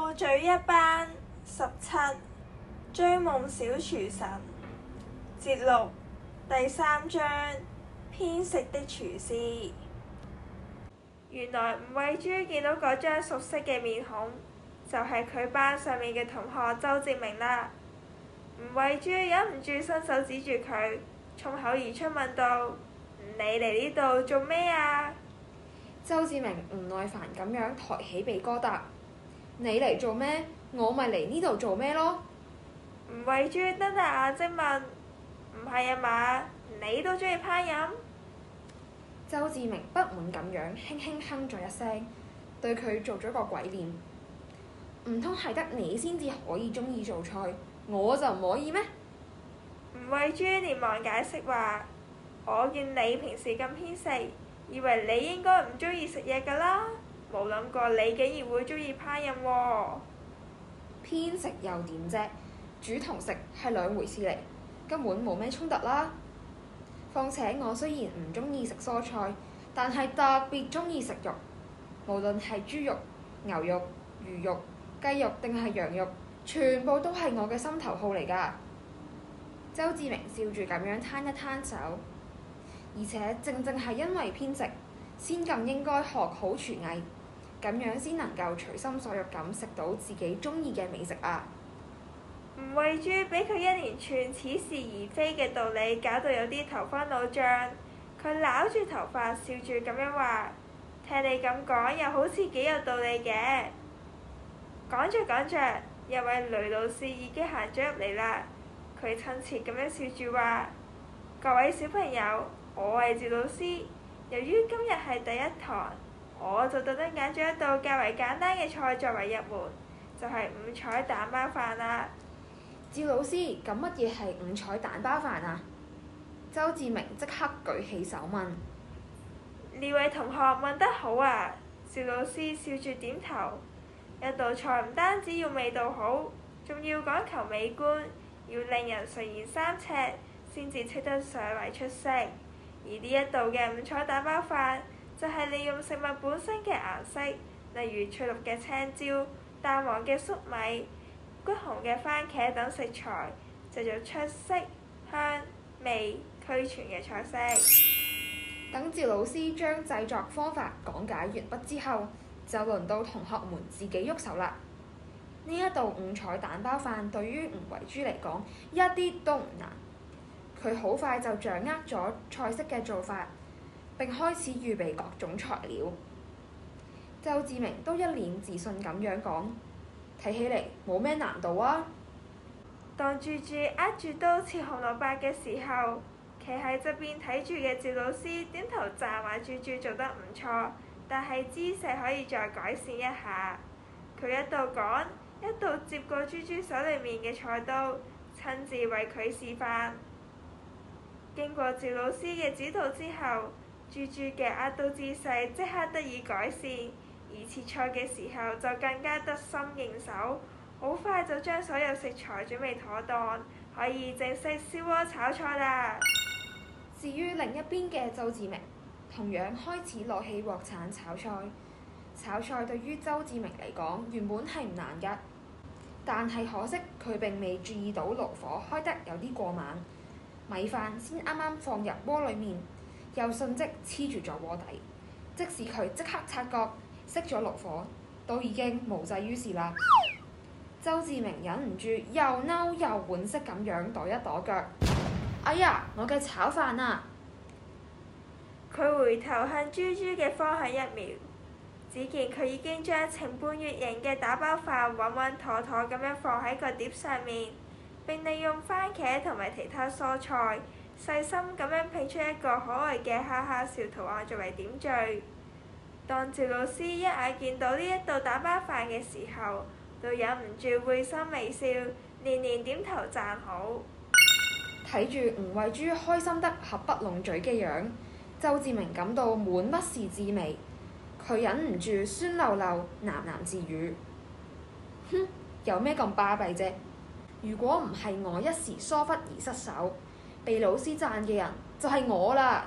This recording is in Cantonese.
鬥嘴一班十七，追夢小廚神，節錄，第三章，偏食的廚師。原來吳慧珠見到嗰張熟悉嘅面孔，就係、是、佢班上面嘅同學周志明啦。吳慧珠忍唔住伸手指住佢，衝口而出問道：你嚟呢度做咩啊？周志明唔耐煩咁樣抬起鼻哥答。你嚟做咩？我咪嚟呢度做咩咯？吳慧珠瞪大眼睛問：唔係啊嘛？你都鍾意烹飪？周志明不滿咁樣，輕輕哼咗一聲，對佢做咗個鬼臉。唔通係得你先至可以鍾意做菜，我就唔可以咩？吳慧珠連忙解釋話：我見你平時咁偏食，以為你應該唔鍾意食嘢㗎啦。冇諗過你竟然會中意烹飪喎！偏食又點啫？煮同食係兩回事嚟，根本冇咩衝突啦。況且我雖然唔中意食蔬菜，但係特別中意食肉，無論係豬肉、牛肉、魚肉、雞肉定係羊肉，全部都係我嘅心頭好嚟㗎。周志明笑住咁樣攤一攤手，而且正正係因為偏食，先更應該學好廚藝。咁樣先能夠隨心所欲咁食到自己鍾意嘅美食啊！吳慧珠俾佢一連串似是而非嘅道理，搞到有啲頭昏腦脹，佢攪住頭髮笑住咁樣話：聽你咁講又好似幾有道理嘅。講着講着，一位女老師已經行咗入嚟啦。佢親切咁樣笑住話：各位小朋友，我係趙老師。由於今日係第一堂。我就特登揀咗一道較為簡單嘅菜作為入門，就係五彩蛋包飯啦。趙老師，咁乜嘢係五彩蛋包飯啊？周志明即刻舉起手問。呢位同學問得好啊！趙老師笑住點頭。一道菜唔單止要味道好，仲要講求美觀，要令人垂涎三尺先至稱得上為出色。而呢一道嘅五彩蛋包飯。就係利用食物本身嘅顏色，例如翠綠嘅青椒、淡黃嘅粟米、橘紅嘅番茄等食材，製作出色香味俱全嘅菜式。等趙老師將製作方法講解完畢之後，就輪到同學們自己喐手啦。呢一道五彩蛋包飯對於吳維珠嚟講一啲都唔難，佢好快就掌握咗菜式嘅做法。並開始預備各種材料。周志明都一臉自信咁樣講，睇起嚟冇咩難度啊。當豬豬握住刀切紅蘿蔔嘅時候，企喺側邊睇住嘅趙老師點頭讚，話豬豬做得唔錯，但係姿勢可以再改善一下。佢一度講，一度接過豬豬手裏面嘅菜刀，親自為佢示範。經過趙老師嘅指導之後，豬豬嘅壓到姿勢即刻得以改善，而切菜嘅時候就更加得心應手，好快就將所有食材準備妥當，可以正式燒鍋炒菜啦。至於另一邊嘅周志明，同樣開始攞起鍋鏟炒菜。炒菜對於周志明嚟講原本係唔難㗎，但係可惜佢並未注意到爐火開得有啲過猛，米飯先啱啱放入鍋裡面。又瞬即黐住咗鍋底，即使佢即刻察覺熄咗爐火，都已經無濟於事啦。周志明忍唔住又嬲又惋惜咁樣躲一躲腳。哎呀，我嘅炒飯啊！佢回頭向豬豬嘅方向一瞄，只見佢已經將呈半月形嘅打包飯穩穩妥妥咁樣放喺個碟上面，並利用番茄同埋其他蔬菜，細心咁樣拼出一個可愛嘅哈哈笑圖案作為點綴。當趙老師一眼見到呢一道打包飯嘅時候，都忍唔住會心微笑，連連點頭讚好。睇住吳慧珠開心得合不攏嘴嘅樣，周志明感到滿不是滋味。佢忍唔住酸溜溜，喃喃自語：哼，有咩咁巴閉啫？如果唔係我一時疏忽而失手。被老師讚嘅人就係我啦。